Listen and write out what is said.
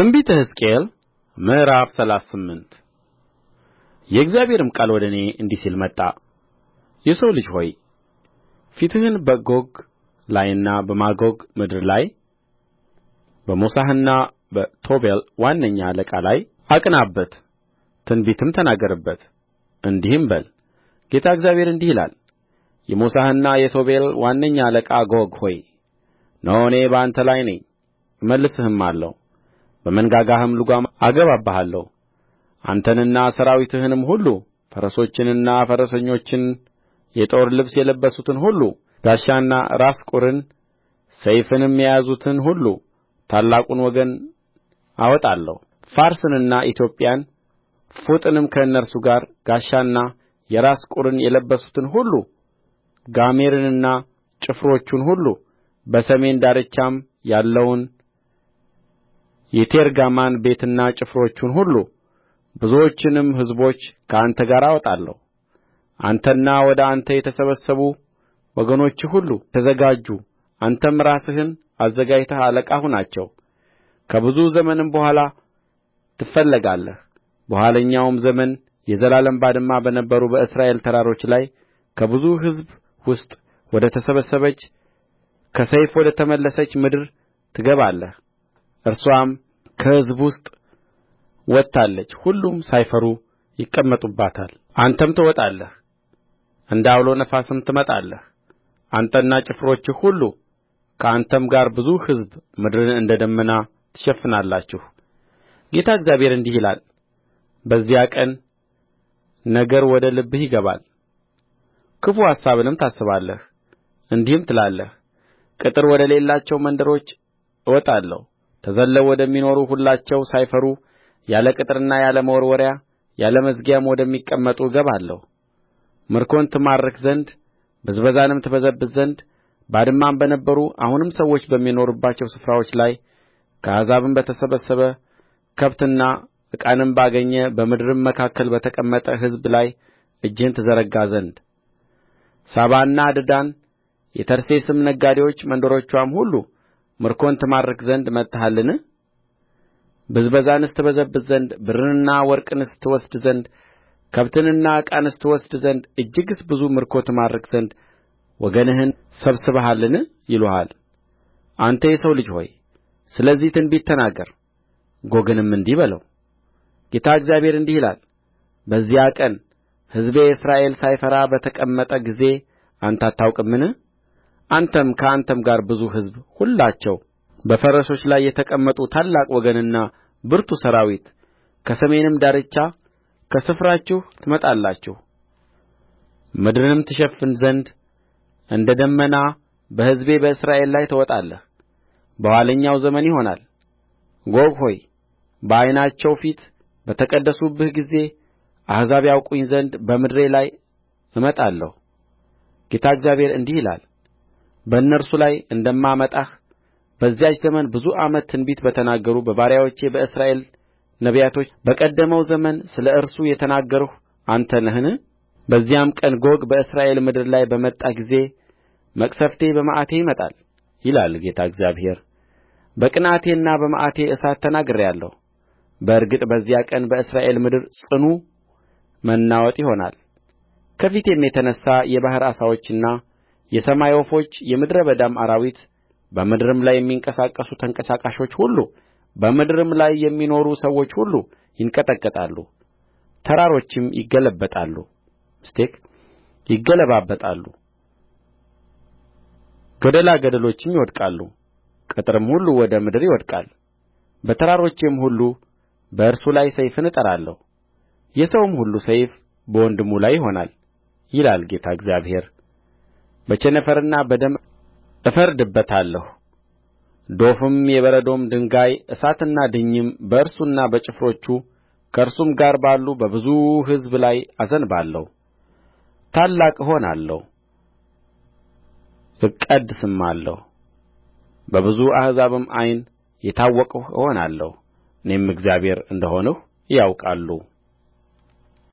ትንቢተ ሕዝቅኤል ምዕራፍ ሰላሳ ስምንት የእግዚአብሔርም ቃል ወደ እኔ እንዲህ ሲል መጣ የሰው ልጅ ሆይ ፊትህን በጎግ ላይና በማጎግ ምድር ላይ በሞሳሕና በቶቤል ዋነኛ አለቃ ላይ አቅናበት ትንቢትም ተናገርበት እንዲህም በል ጌታ እግዚአብሔር እንዲህ ይላል የሞሳሕና የቶቤል ዋነኛ አለቃ ጎግ ሆይ እነሆ እኔ በአንተ ላይ ነኝ እመልስህማለሁ በመንጋጋህም ልጓም አገባብሃለሁ አንተንና ሠራዊትህንም ሁሉ ፈረሶችንና ፈረሰኞችን የጦር ልብስ የለበሱትን ሁሉ ጋሻና ራስ ቍርን ሰይፍንም የያዙትን ሁሉ ታላቁን ወገን አወጣለሁ ፋርስንና ኢትዮጵያን ፉጥንም ከእነርሱ ጋር ጋሻና የራስ ቍርን የለበሱትን ሁሉ ጋሜርንና ጭፍሮቹን ሁሉ በሰሜን ዳርቻም ያለውን የቴርጋማን ቤትና ጭፍሮቹን ሁሉ ብዙዎችንም ሕዝቦች ከአንተ ጋር አወጣለሁ አንተና ወደ አንተ የተሰበሰቡ ወገኖችህ ሁሉ ተዘጋጁ አንተም ራስህን አዘጋጅተህ አለቃ ሁናቸው ከብዙ ዘመንም በኋላ ትፈለጋለህ በኋለኛውም ዘመን የዘላለም ባድማ በነበሩ በእስራኤል ተራሮች ላይ ከብዙ ሕዝብ ውስጥ ወደ ተሰበሰበች ከሰይፍ ወደ ተመለሰች ምድር ትገባለህ እርስዋም ከሕዝብ ውስጥ ወጥታለች ሁሉም ሳይፈሩ ይቀመጡባታል አንተም ትወጣለህ እንደ ዐውሎ ነፋስም ትመጣለህ አንተና ጭፍሮችህ ሁሉ ከአንተም ጋር ብዙ ሕዝብ ምድርን እንደ ደመና ትሸፍናላችሁ ጌታ እግዚአብሔር እንዲህ ይላል በዚያ ቀን ነገር ወደ ልብህ ይገባል ክፉ አሳብንም ታስባለህ እንዲህም ትላለህ ቅጥር ወደሌላቸው መንደሮች እወጣለሁ ተዘልለው ወደሚኖሩ ሁላቸው ሳይፈሩ ያለ ቅጥርና ያለ መወርወሪያ ያለ መዝጊያም ወደሚቀመጡ እገባለሁ ምርኮን ትማርክ ዘንድ ብዝበዛንም ትበዘብዝ ዘንድ ባድማም በነበሩ አሁንም ሰዎች በሚኖሩባቸው ስፍራዎች ላይ ከአሕዛብም በተሰበሰበ ከብትና ዕቃንም ባገኘ በምድርም መካከል በተቀመጠ ሕዝብ ላይ እጅህን ትዘረጋ ዘንድ ሳባና ድዳን የተርሴስም ነጋዴዎች መንደሮችዋም ሁሉ ምርኮን ትማርክ ዘንድ መጥተሃልን ብዝበዛንስ ትበዘብዝ ዘንድ ብርንና ወርቅንስ ትወስድ ዘንድ ከብትንና ዕቃንስ ትወስድ ዘንድ እጅግስ ብዙ ምርኮ ትማርክ ዘንድ ወገንህን ሰብስበሃልን ይሉሃል አንተ የሰው ልጅ ሆይ ስለዚህ ትንቢት ተናገር ጎግንም እንዲህ በለው ጌታ እግዚአብሔር እንዲህ ይላል በዚያ ቀን ሕዝቤ እስራኤል ሳይፈራ በተቀመጠ ጊዜ አንተ አታውቅምን አንተም ከአንተም ጋር ብዙ ሕዝብ ሁላቸው በፈረሶች ላይ የተቀመጡ ታላቅ ወገንና ብርቱ ሠራዊት ከሰሜንም ዳርቻ ከስፍራችሁ ትመጣላችሁ ምድርንም ትሸፍን ዘንድ እንደ ደመና በሕዝቤ በእስራኤል ላይ ትወጣለህ በኋለኛው ዘመን ይሆናል ጎግ ሆይ በዓይናቸው ፊት በተቀደስሁብህ ጊዜ አሕዛብ ያውቁኝ ዘንድ በምድሬ ላይ እመጣለሁ ጌታ እግዚአብሔር እንዲህ ይላል በእነርሱ ላይ እንደማመጣህ በዚያች ዘመን ብዙ ዓመት ትንቢት በተናገሩ በባሪያዎቼ በእስራኤል ነቢያቶች በቀደመው ዘመን ስለ እርሱ የተናገርሁ አንተ ነህን በዚያም ቀን ጎግ በእስራኤል ምድር ላይ በመጣ ጊዜ መቅሠፍቴ በመዓቴ ይመጣል ይላል ጌታ እግዚአብሔር በቅንዓቴና በመዓቴ እሳት ተናግሬአለሁ በእርግጥ በዚያ ቀን በእስራኤል ምድር ጽኑ መናወጥ ይሆናል ከፊቴም የተነሣ የባሕር ዓሣዎችና የሰማይ ወፎች የምድረ በዳም አራዊት በምድርም ላይ የሚንቀሳቀሱ ተንቀሳቃሾች ሁሉ በምድርም ላይ የሚኖሩ ሰዎች ሁሉ ይንቀጠቀጣሉ ተራሮችም ይገለበጣሉ ይገለባበጣሉ ገደላ ገደሎችም ይወድቃሉ ቅጥርም ሁሉ ወደ ምድር ይወድቃል በተራሮቼም ሁሉ በእርሱ ላይ ሰይፍን እጠራለሁ የሰውም ሁሉ ሰይፍ በወንድሙ ላይ ይሆናል ይላል ጌታ እግዚአብሔር በቸነፈርና በደም እፈርድበታለሁ ዶፍም የበረዶም ድንጋይ እሳትና ድኝም በእርሱና በጭፍሮቹ ከእርሱም ጋር ባሉ በብዙ ሕዝብ ላይ አዘንባለሁ ታላቅ እሆናለሁ እቀደስማለሁ በብዙ አሕዛብም ዓይን የታወቅሁ እሆናለሁ እኔም እግዚአብሔር እንደ ሆንሁ ያውቃሉ